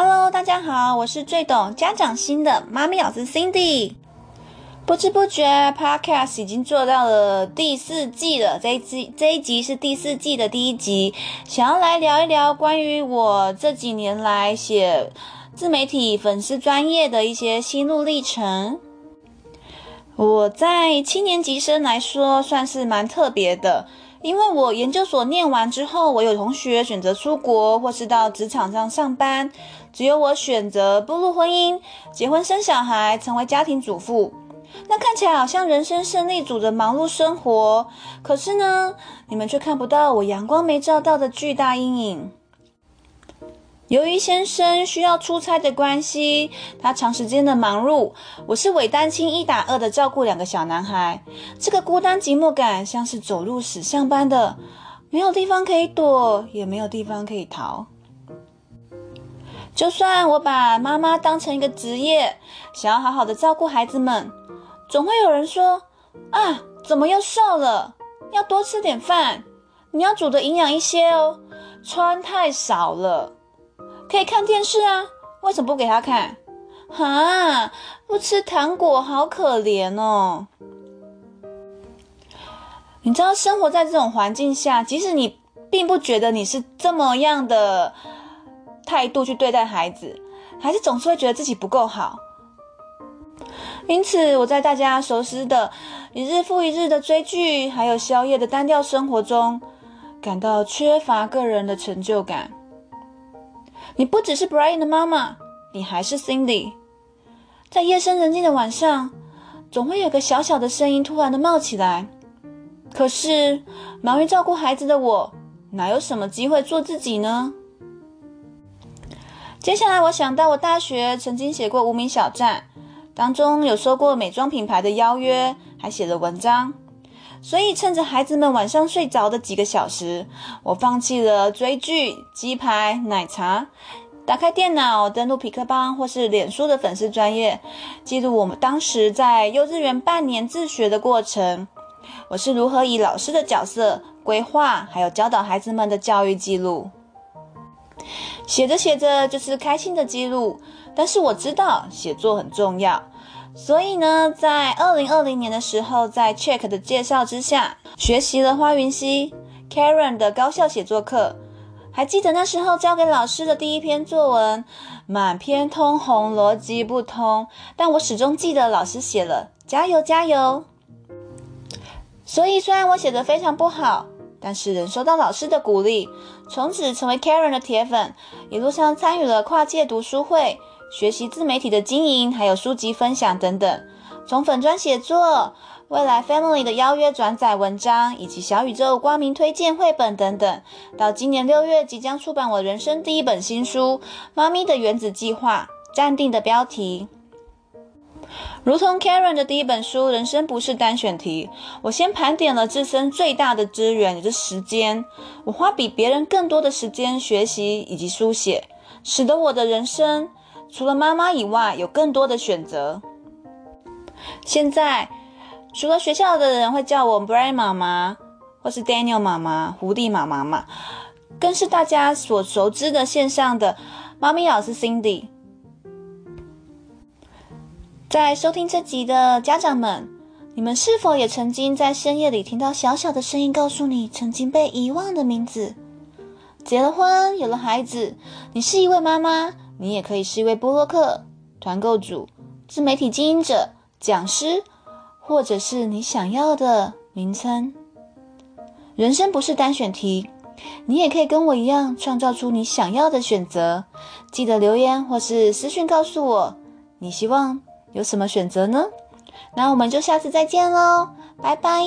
Hello，大家好，我是最懂家長心的媽咪老師 Cindy。不知不覺，Podcast 已經做到了第四季了。這一季，這一集是第四季的第一集，想要來聊一聊關於我這幾年來寫自媒體、粉絲專業的一些心路歷程。我在七年級生來說，算是蠻特別的。因為我研究所念完之後，我有同學選擇出國或是到職場上上班，只有我選擇步入婚姻，結婚生小孩，成為家庭主婦。那看起來好像人生勝利組的忙碌生活，可是呢，你們卻看不到我陽光沒照到的巨大陰影。由於先生需要出差的關係，他長時間的忙碌，我是偽單親一打二的照顧兩個小男孩。這個孤單寂寞感像是走入死巷般的，沒有地方可以躲，也沒有地方可以逃。就算我把媽媽當成一個職業，想要好好的照顧孩子們，總會有人說：“啊，怎麼又瘦了？要多吃點飯，你要煮得營養一些哦，穿太少了。”可以看電視啊，為什麼不給他看？哈、啊，不吃糖果好可憐哦。你知道，生活在這種環境下，即使你並不覺得你是這麼樣的態度去對待孩子，還是總是會覺得自己不夠好。因此，我在大家熟悉的一日復一日的追劇，還有宵夜的單調生活中，感到缺乏個人的成就感。你不只是 Bryan 的媽媽，你還是 Cindy。在夜深人靜的晚上，總會有個小小的聲音突然的冒起來。可是忙於照顧孩子的我，哪有什麼機會做自己呢？接下來我想到，我大學曾經寫過無名小站，當中有收過美妝品牌的邀約，還寫了文章。所以，趁着孩子們晚上睡着的幾個小時，我放棄了追劇、雞排、奶茶，打開電腦，登錄痞客邦或是臉書的粉絲專頁，記錄我們當時在幼稚園半年自學的過程。我是如何以老師的角色規劃，還有教導孩子們的教育記錄。寫着寫着就是開心的記錄，但是我知道寫作很重要。所以呢，在二零二零年的時候，在 Check 的介紹之下，學習了花芸曦 Karen 的高效寫作課。還記得那時候交給老師的第一篇作文，滿篇通紅，邏輯不通，但我始終記得老師寫了“加油，加油”。所以，雖然我寫的非常不好，但是仍受到老師的鼓勵，從此成為 Karen 的鐵粉，一路上參與了跨界讀書會。學習自媒體的經營，還有書籍分享等等；從粉專寫作、未來 Family 的邀約、轉載文章，以及小宇宙掛名推薦繪本等等，到今年六月即將出版我人生第一本新書《媽咪的原子計劃》，暫定的標題。如同 Karen 的第一本書《人生不是單選題》，我先盤點了自身最大的資源，也就是時間。我花比別人更多的時間學習以及書寫，使得我的人生。除了媽媽以外，有更多的選擇。現在，除了學校的人會叫我 Bryan 媽媽，或是 Daniel 媽媽、狐狸媽媽嘛，更是大家所熟知的線上的媽咪老師 Cindy。在收聽這集的家長們，你們是否也曾經在深夜裡聽到小小的聲音，告訴你曾經被遺忘的名字？結了婚，有了孩子，你是一位媽媽。你也可以是一位部落客、團購主、自媒體經營者、講師，或者是你想要的名稱。人生不是單選題，你也可以跟我一樣創造出你想要的選擇。記得留言或是私訊告訴我，你希望有什麼選擇呢？那我們就下次再見嘍，拜拜。